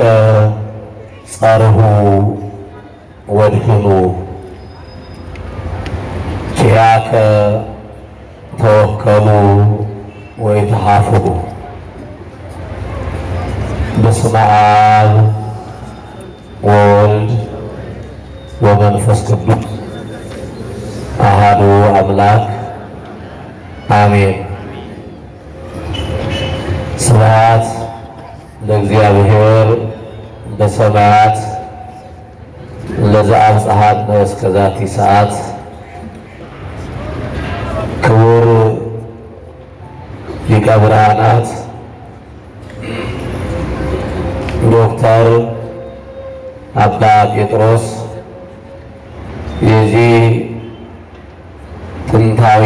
uh, ወዘአብጽሐት ነው እስከዛቲ ሰዓት ክቡር ሊቀ ብርሃናት ዶክተር አባ ጴጥሮስ የዚህ ጥንታዊ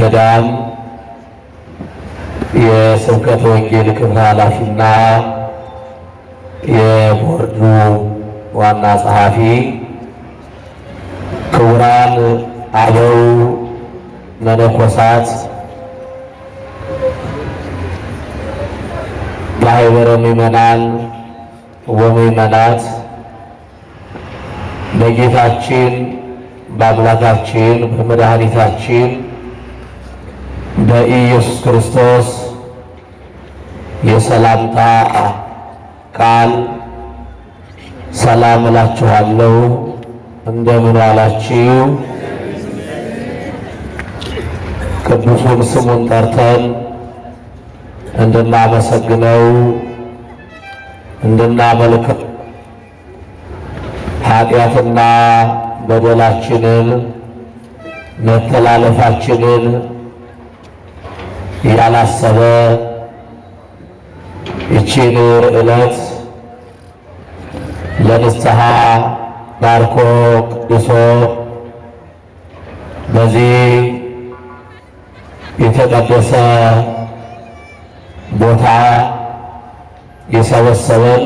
ገዳም የስብከት ወንጌል ክፍል ኃላፊና የቦርዱ ዋና ጸሐፊ፣ ክቡራን አበው መነኮሳት፣ ማህበረ ምዕመናን ወምዕመናት በጌታችን በአምላካችን በመድኃኒታችን በኢየሱስ ክርስቶስ የሰላምታ ቃል ሰላም እላችኋለሁ። እንደምን ዋላችሁ? ቅዱሱን ስሙን ጠርተን እንድናመሰግነው እንድናመልከው ኃጢአትና በደላችንን መተላለፋችንን ያላሰበ ይቺን ዕለት ለንስሐ ባርኮ ቅዱሶ በዚህ የተቀደሰ ቦታ የሰበሰበን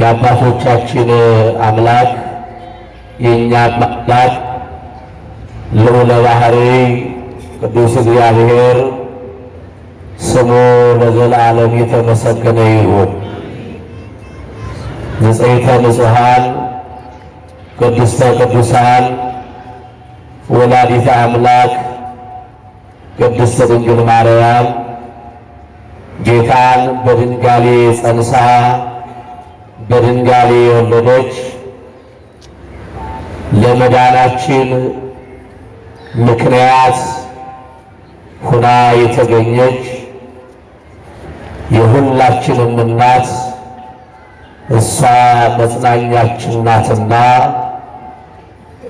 የአባቶቻችን አምላክ የእኛ አምላክ ልዑለ ባሕርይ ቅዱስ እግዚአብሔር ስሙ ለዘላለም የተመሰገነ ይሁን። ንጽሕተ ንጹሐን ቅድስተ ቅዱሳን ወላዲተ አምላክ ቅድስተ ድንግል ማርያም ጌታን በድንጋሌ ጸንሳ በድንጋሌ የወለደች ለመዳናችን ምክንያት ሁና የተገኘች የሁላችንም እናት እሷ መጽናኛችን ናትና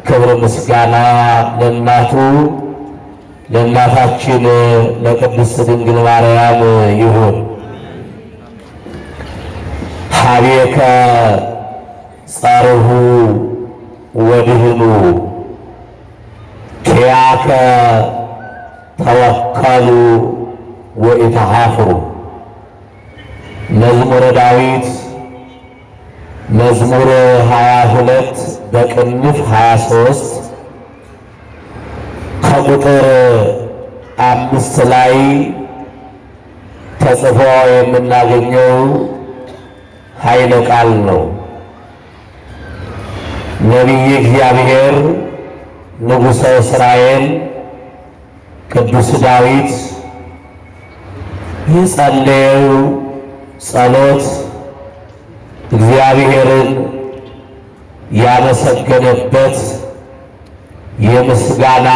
ክብር ምስጋና ለእናቱ ለእናታችን ለቅድስት ድንግል ማርያም ይሁን። ሀቤከ ጸርሁ ወድህኑ ኪያከ ተወከሉ ወኢተሃፍሩ መዝሙረ ዳዊት መዝሙር 22 በቅንፍ 23 ከቁጥር አምስት ላይ ተጽፎ የምናገኘው ኃይለ ቃል ነው። ነቢይ እግዚአብሔር ንጉሠ እስራኤል ቅዱስ ዳዊት የጸለየው ጸሎት እግዚአብሔርን ያመሰገነበት የምስጋና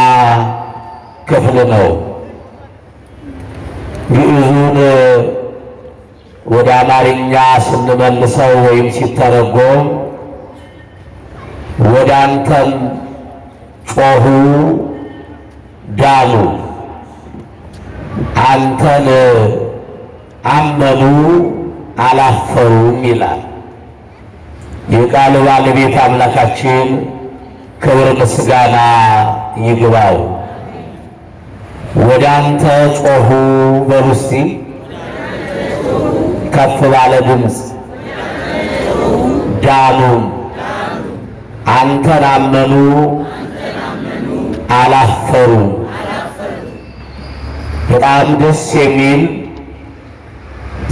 ክፍል ነው። ግዕዙን ወደ አማርኛ ስንመልሰው ወይም ሲተረጎም ወደ አንተም ጮኹ ዳኑ፣ አንተን አመኑ አላፈሩም ይላል። የቃል ባለቤት አምላካችን ክብር ምስጋና ይግባው። ወደ አንተ ጮሁ በሉ ከፍ ባለ ድምፅ ዳኑም አንተን አመኑ በጣም ደስ የሚል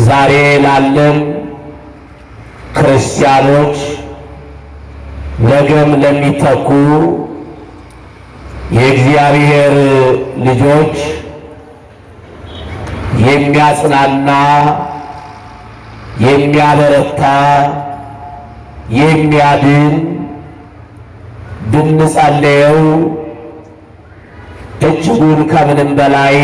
ዛሬ ላለን ክርስቲያኖች ነገም ለሚተኩ የእግዚአብሔር ልጆች የሚያጽናና የሚያበረታ የሚያድን ብንጸለየው እጅጉን ከምንም በላይ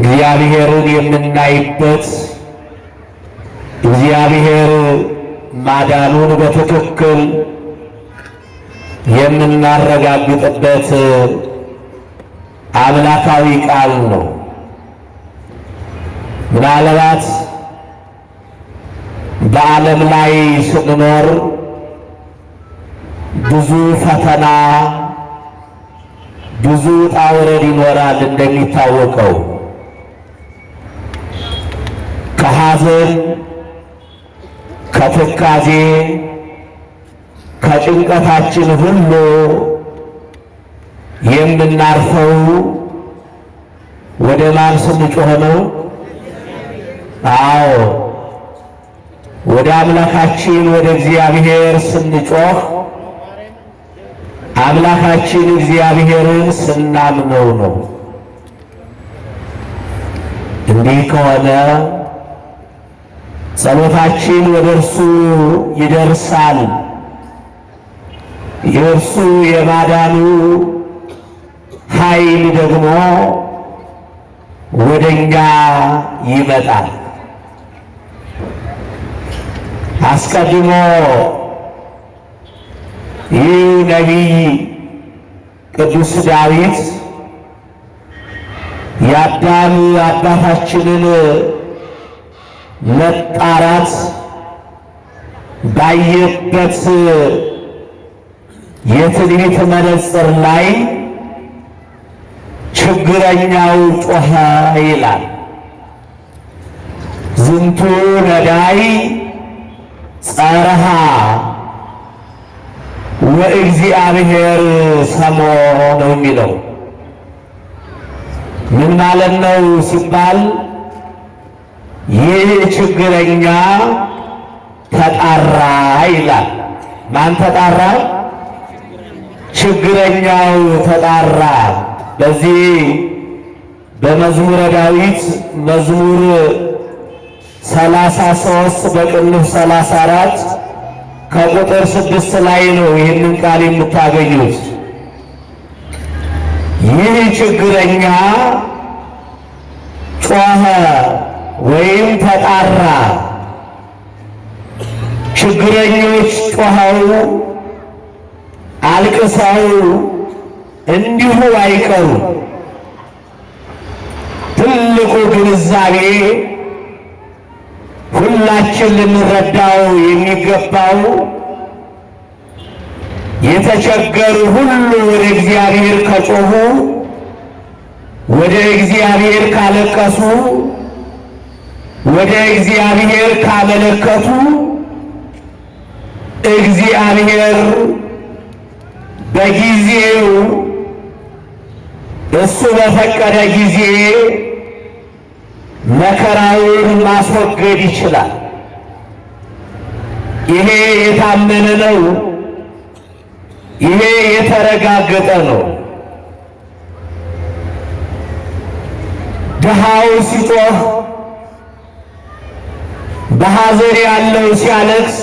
እግዚአብሔርን የምናይበት እግዚአብሔር ማዳኑን በትክክል የምናረጋግጥበት አምላካዊ ቃል ነው። ምናልባት በዓለም ላይ ስንኖር ብዙ ፈተና፣ ብዙ ውጣ ውረድ ይኖራል። እንደሚታወቀው ከሐዘን ከትካዜ ከጭንቀታችን ሁሉ የምናርፈው ወደ ማን ስንጮህ ነው? አዎ ወደ አምላካችን ወደ እግዚአብሔር ስንጮህ አምላካችን እግዚአብሔርን ስናምነው ነው። እንዲህ ከሆነ ጸሎታችን ወደ እርሱ ይደርሳል። የእርሱ የማዳኑ ኃይል ደግሞ ወደ እኛ ይመጣል። አስቀድሞ ይህ ነቢይ ቅዱስ ዳዊት የአዳም አባታችንን መጣራት ባየበት የትንቢት መነጽር ላይ ችግረኛው ጮኸ ይላል። ዝንቱ ነዳይ ጸርሃ ወእግዚአብሔር ሰሞ ነው የሚለው ምን ማለት ነው ሲባል ይህ ችግረኛ ተጣራ ይላል። ማን ተጣራ? ችግረኛው ተጣራ። በዚህ በመዝሙረ ዳዊት መዝሙር 33 በቅንፍ 34 ከቁጥር ስድስት ላይ ነው ይህንን ቃል የምታገኙት። ይህ ችግረኛ ጮኸ ወይም ተጣራ። ችግረኞች ጮኸው አልቅሰው እንዲሁ አይቀሩ። ትልቁ ግንዛቤ ሁላችን ልንረዳው የሚገባው የተቸገሩ ሁሉ ወደ እግዚአብሔር ከጮሁ፣ ወደ እግዚአብሔር ካለቀሱ ወደ እግዚአብሔር ካመለከቱ እግዚአብሔር በጊዜው እሱ በፈቀደ ጊዜ መከራውን ማስወገድ ይችላል። ይሄ የታመነ ነው። ይሄ የተረጋገጠ ነው። ድሃው ሲጮህ በሐዘን ያለው ሲያለቅስ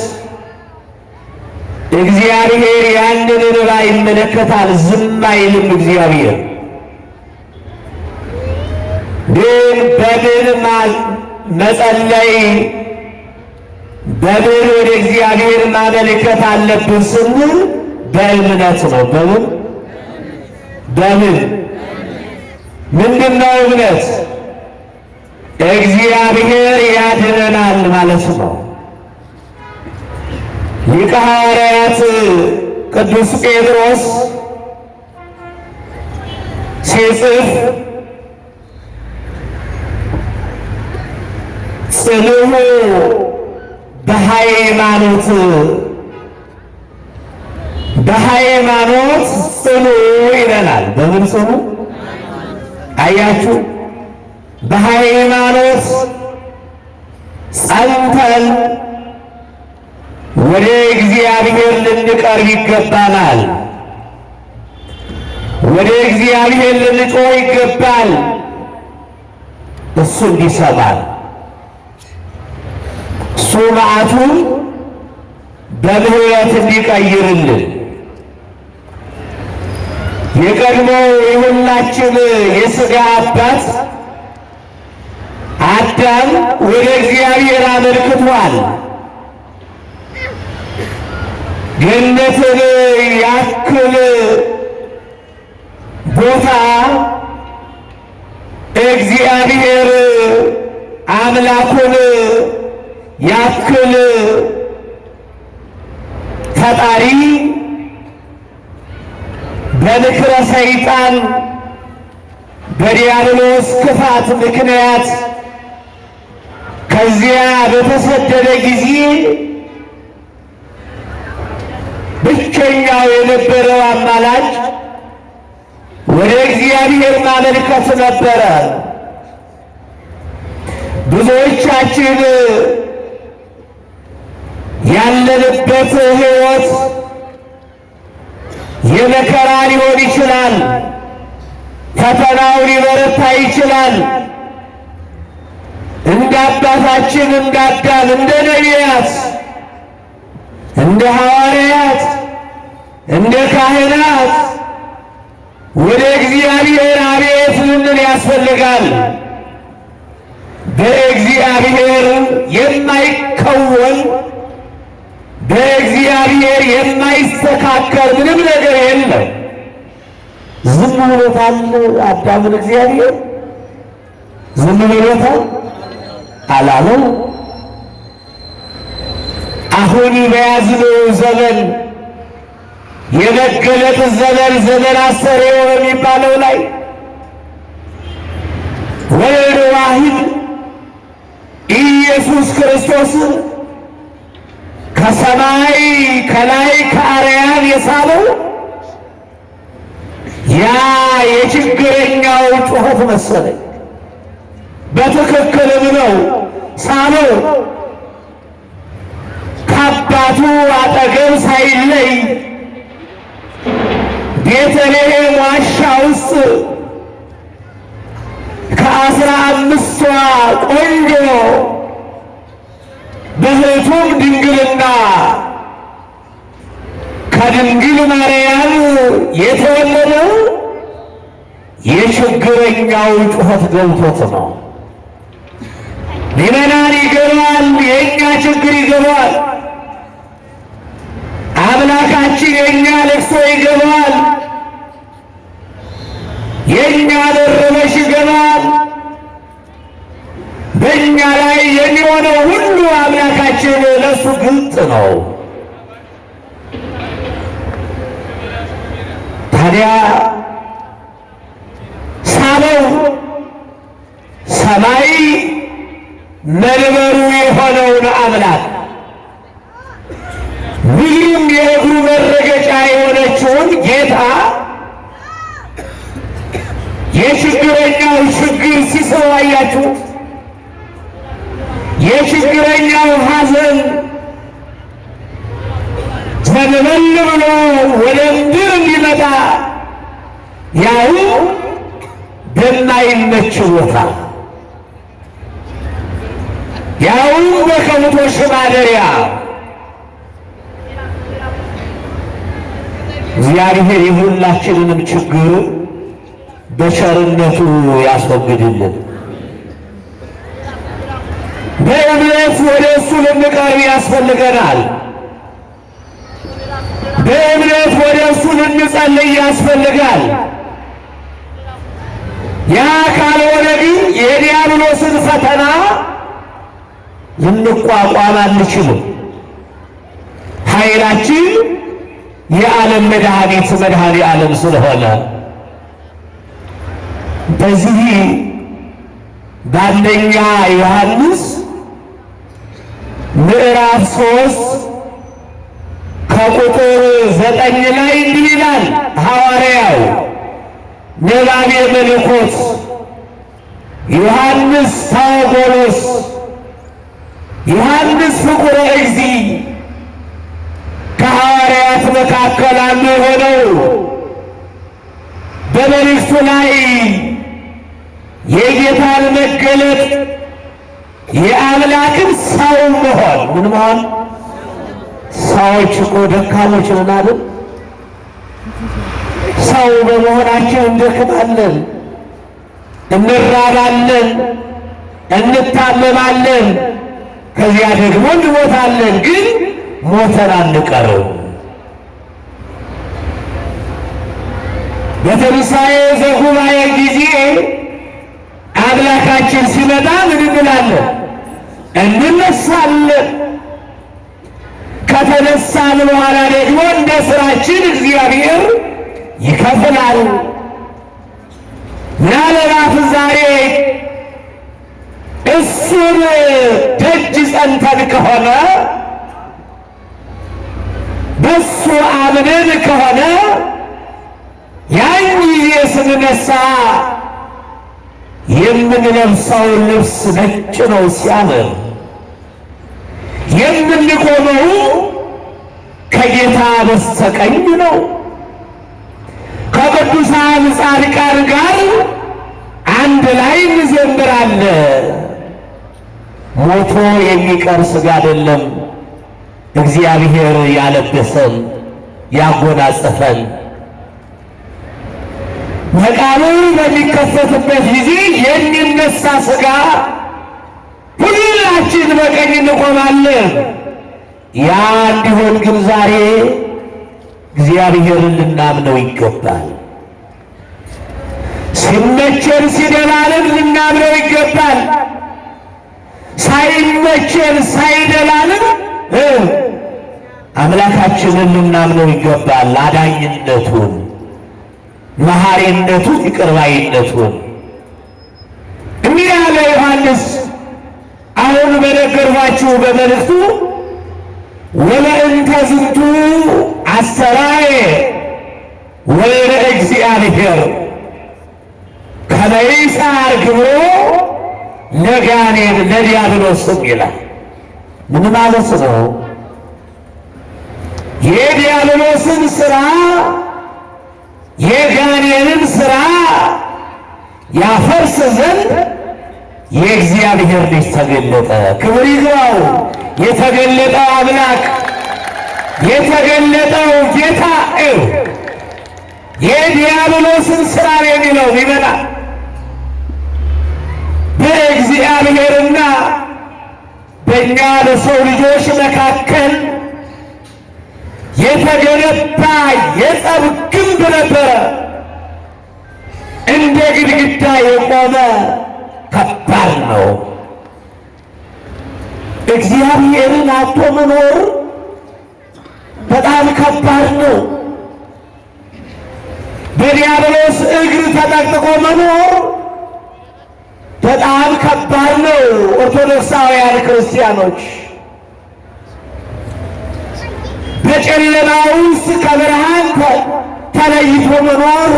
እግዚአብሔር ያንን እንባ ይመለከታል፣ ዝም አይልም እግዚአብሔር። ግን በምን መጸለይ በምን ወደ እግዚአብሔር ማመልከት አለብን ስንል በእምነት ነው። በምን በምን ምንድነው እምነት? እግዚአብሔር ያድነናል ማለት ነው። ሊቀ ሐዋርያት ቅዱስ ጴጥሮስ ሲጽፍ ጽንዑ በሃይማኖት በሃይማኖት ጽኑ ይለናል። በምን ጽኑ አያችሁ? በሃይማኖት ጸንተን ወደ እግዚአብሔር ልንቀርብ ይገባናል። ወደ እግዚአብሔር ልንጮህ ይገባል። እሱ እንዲሰማል እሱ መዓቱን በምህረት እንዲቀይርልን የቀድሞ የሁላችን የሥጋ አባት አዳም ወደ እግዚአብሔር አመልክቷል። ገነትን ያክል ቦታ እግዚአብሔር አምላኩን ያክል ፈጣሪ በምክረ ሰይጣን በዲያብሎስ ክፋት ምክንያት ከዚያ በተሰደደ ጊዜ ብቸኛው የነበረው አማላጭ ወደ እግዚአብሔር ማመልከት ነበረ። ብዙዎቻችን ያለንበት ሕይወት የመከራ ሊሆን ይችላል። ፈተናው ሊበረታ ይችላል። እንደ አባታችን እንደ አዳም እንደ ነቢያት እንደ ሐዋርያት እንደ ካህናት ወደ እግዚአብሔር አቤት ልንል ያስፈልጋል። በእግዚአብሔር የማይከወን በእግዚአብሔር የማይስተካከል ምንም ነገር የለም። ዝም ብሎታል አዳምን እግዚአብሔር ዝም ብሎታል። አላለው። አሁን በያዝነው ዘመን የመገለጥ ዘመን ዘመን አሰሬው በሚባለው ላይ ወልድ ዋሂድ ኢየሱስ ክርስቶስ ከሰማይ ከላይ ከአርያን የሳለው ያ የችግረኛው ጩኸት መሰለኝ። በትክክልም ነው። ሳሎ ከአባቱ አጠገብ ሳይለይ ቤተልሔም ዋሻ ውስጥ ከአስራ አምስቷ ቆንጆ በሕቱም ድንግልና ከድንግል ማርያም የተወለደው የችግረኛው ጩኸት ገብቶት ነው። ምዕመናን ይገባል፣ የእኛ ችግር ይገባል። አምላካችን የእኛ ልቅሶ ይገባል፣ የእኛ ደረበሽ ይገባል። በእኛ ላይ የሚሆነው ሁሉ አምላካችን ለሱ ግልጽ ነው። ታዲያ ሰማይ መንበሩ የሆነውን አምላክ ሁሉም የእግሩ መረገጫ የሆነችውን ጌታ የችግረኛው ችግር ሲሰዋያችሁ የችግረኛው ሐዘን ዘንበል ብሎ ወደ ምድር እንዲመጣ ያው በማይመች ቦታ ያውም በከብቶች ማደሪያ እግዚአብሔር የሁላችንንም ችግር በቸርነቱ ያስወግድልን። በእምነት ወደ እሱ ልንቀርብ ያስፈልገናል። በእምነት ወደ እሱ ልንጸልይ ያስፈልጋል። ያ ካልሆነ ግን የዲያብሎስን ፈተና ልንቋቋም አንችልም። ኃይላችን የዓለም መድኃኒት መድኃኔ ዓለም ስለሆነ በዚህ በአንደኛ ዮሐንስ ምዕራፍ ሶስት ከቁጥር ዘጠኝ ላይ እንዲህ ይላል ሐዋርያው ነባቤ መለኮት ዮሐንስ ታኦጎሎስ ዮሐንስ ፍቁረ እግዚ ከሐዋርያት መካከል አንዱ የሆነው በመልእክቱ ላይ የጌታን መገለጥ የአምላክን ሰው መሆን ምን መሆን ሰዎች እኮ ደካሞች ነን አይደል? ሰው በመሆናችን እንደክማለን፣ እንራባለን፣ እንታመማለን ከዚያ ደግሞ እንሞታለን፣ ግን ሞተን አንቀረው። በትንሣኤ ዘጉባኤ ጊዜ አምላካችን ሲመጣ ምን እንላለን? እንነሳለን። ከተነሳን በኋላ ደግሞ እንደ ስራችን እግዚአብሔር ይከፍላል። ያለ ዛሬ እሱን ደጅ ጸንተን ከሆነ በሱ አምነን ከሆነ ያን ጊዜ ስንነሳ የምንለብሰው ልብስ ነጭ ነው ሲያምር፣ የምንቆመው ከጌታ በስተቀኝ ነው። ከቅዱሳን ጻድቃን ጋር አንድ ላይ እንዘምራለን። ሞቶ የሚቀር ስጋ አይደለም እግዚአብሔር ያለበሰን ያጎናጸፈን። መቃብር በሚከፈትበት ጊዜ የሚነሳ ስጋ ሁላችን በቀኝ እንቆማለን። ያ እንዲሆን ግን ዛሬ እግዚአብሔርን ልናምነው ይገባል። ሲመቸን ሲደላለን ልናምነው ይገባል። ሳይመቸን ሳይደላልን አምላካችንን ልናምነው ይገባል። አዳኝነቱን፣ መሐሪነቱን፣ ይቅርባይነቱን እንዲህ ያለ ዮሐንስ አሁን በነገርኋችሁ በመልእክቱ ወለእንተ ዝንቱ አሰራየ ወይረ እግዚአብሔር ከመይሳር ግብሮ ለጋኔን ለዲያብሎስም ይላል። ምን ማለት ነው? የዲያብሎስን ስራ የጋኔንን ስራ ያፈርስ ዘንድ የእግዚአብሔር ልጅ ተገለጠ። ክብር ይግባው። የተገለጠው አምላክ የተገለጠው ጌታ ይው የዲያብሎስን ስራ የሚለው ይመጣል በእግዚአብሔርና በእኛ በሰው ልጆች መካከል የተገነባ የጸብ ግንብ ነበረ። እንደ ግድግዳ የቆመ ከባድ ነው። እግዚአብሔርን አቶ መኖር በጣም ከባድ ነው። በዲያብሎስ እግር ተጠቅጥቆ መኖር በጣም ከባድ ነው። ኦርቶዶክሳውያን ክርስቲያኖች በጨለማ ውስጥ ከብርሃን ተለይቶ መኖር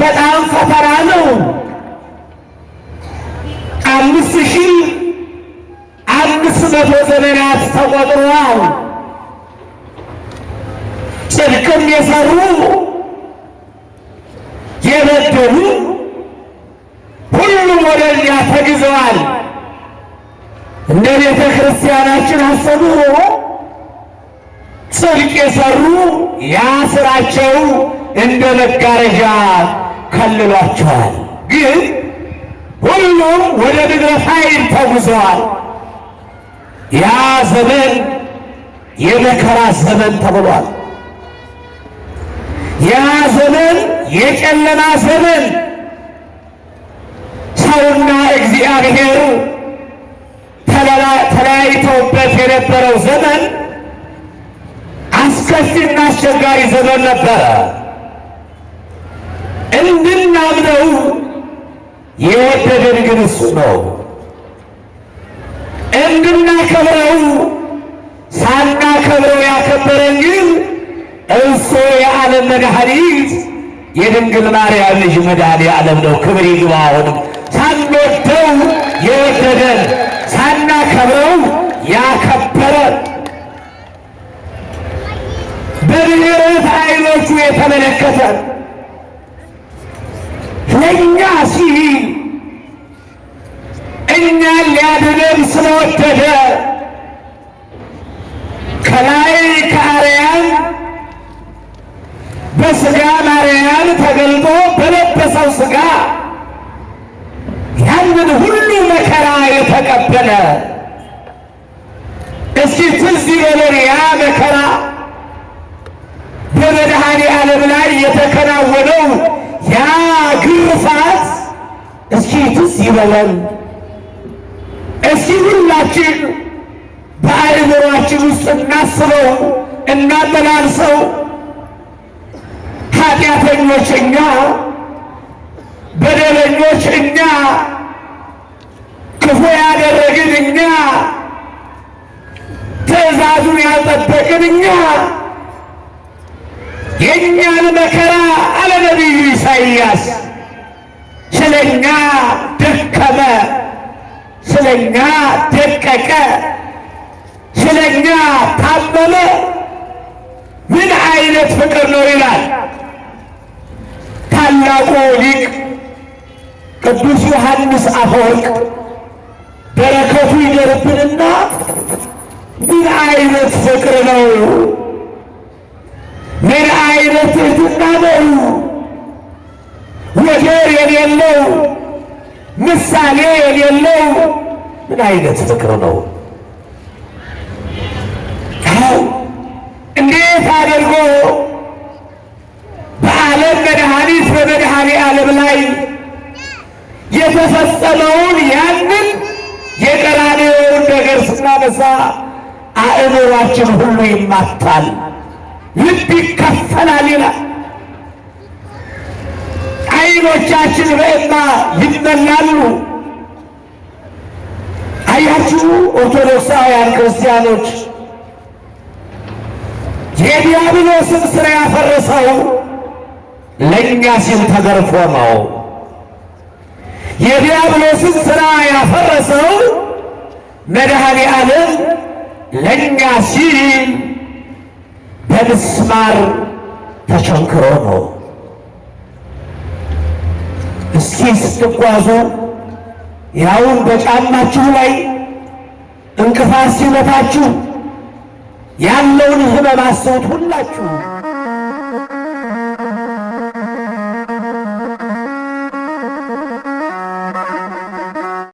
በጣም ፈተና ነው። አምስት ሺህ አምስት መቶ ዘመናት ተቆጥረዋል። ጽድቅም የሰሩ የበደሉ ተግዘዋል። እንደ ቤተ ክርስቲያናችን አስተምህሮ ጽድቅ የሰሩ ያ ስራቸው እንደ መጋረጃ ከልሏቸዋል። ግን ሁሉም ወደ ምድረ ፋይል ተጉዘዋል። ያ ዘመን የመከራ ዘመን ተብሏል። ያ ዘመን የጨለማ ዘመን እግዚአብሔሩ ተለያይተውበት የነበረው ዘመን አስከፊና አስቸጋሪ ዘመን ነበረ። እንድናምነው የወደደን ግን እሱ ነው። እንድናከብረው ሳናከብረው ያከበረን ግን እሱ የዓለም መድኃኒት የድንግል ማርያም ልጅ መድኃኔ ዓለም ነው። ክብር ይግባ። አሁንም ሳንወደ የወደደን ሳናከብረው ያከበረ በምሕረት አይኖቹ የተመለከተ ለእኛ ሲል እኛን ሊያድነን ስለወደደ ከላይ ከአርያም በስጋ ማርያም ተገልጦ በለበሰው ስጋ ተቀበለ። እስኪ ትዝ ይበለን ያ መከራ በመድኃኔ ዓለም ላይ የተከናወነው ያ ግርፋት እስኪ ትዝ ይበለን። እስኪ ሁላችን በአእምሯችን ውስጥ እናስበው፣ እናመላልሰው። ኃጢአተኞች እኛ፣ በደለኞች እኛ ክፉ ያደረግን እኛ፣ ትእዛዙን ያልጠበቅን እኛ፣ የእኛን መከራ አለ ነቢዩ ኢሳይያስ ስለ ደከመ፣ ስለ ደቀቀ፣ ስለ ታመመ። ምን አይነት ፍቅር ነው ይላል ታላቁ ሊቅ ቅዱስ ዮሐንስ አፈወርቅ በረከቱ ይደርብንና ምን አይነት ፍቅር ነው? ምን አይነት እህትና ነው? ወደር የሌለው ምሳሌ የሌለው ምን አይነት ፍቅር ነው? እንዴት አድርጎ በዓለም መድኃኒት በመድኃኔ ዓለም ላይ የተፈጸመውን ያንን የቀራኔውን ነገር ስናነሳ አእምሯችን ሁሉ ይማታል፣ ልብ ይከፈላል ይላል። አይኖቻችን በእማ ይመላሉ። አያችሁ ኦርቶዶክሳውያን ክርስቲያኖች የዲያብሎስን ስራ ያፈረሰው ለእኛ ሲል ተገርፎ ነው። የዲያብሎስን ሥራ ያፈረሰው መድኃኔ ዓለም ለእኛ ሲል በምስማር ተቸንክሮ ነው። እስኪ ስትጓዙ ያውን በጫማችሁ ላይ እንቅፋት ሲመታችሁ ያለውን ሕመም ሁላችሁ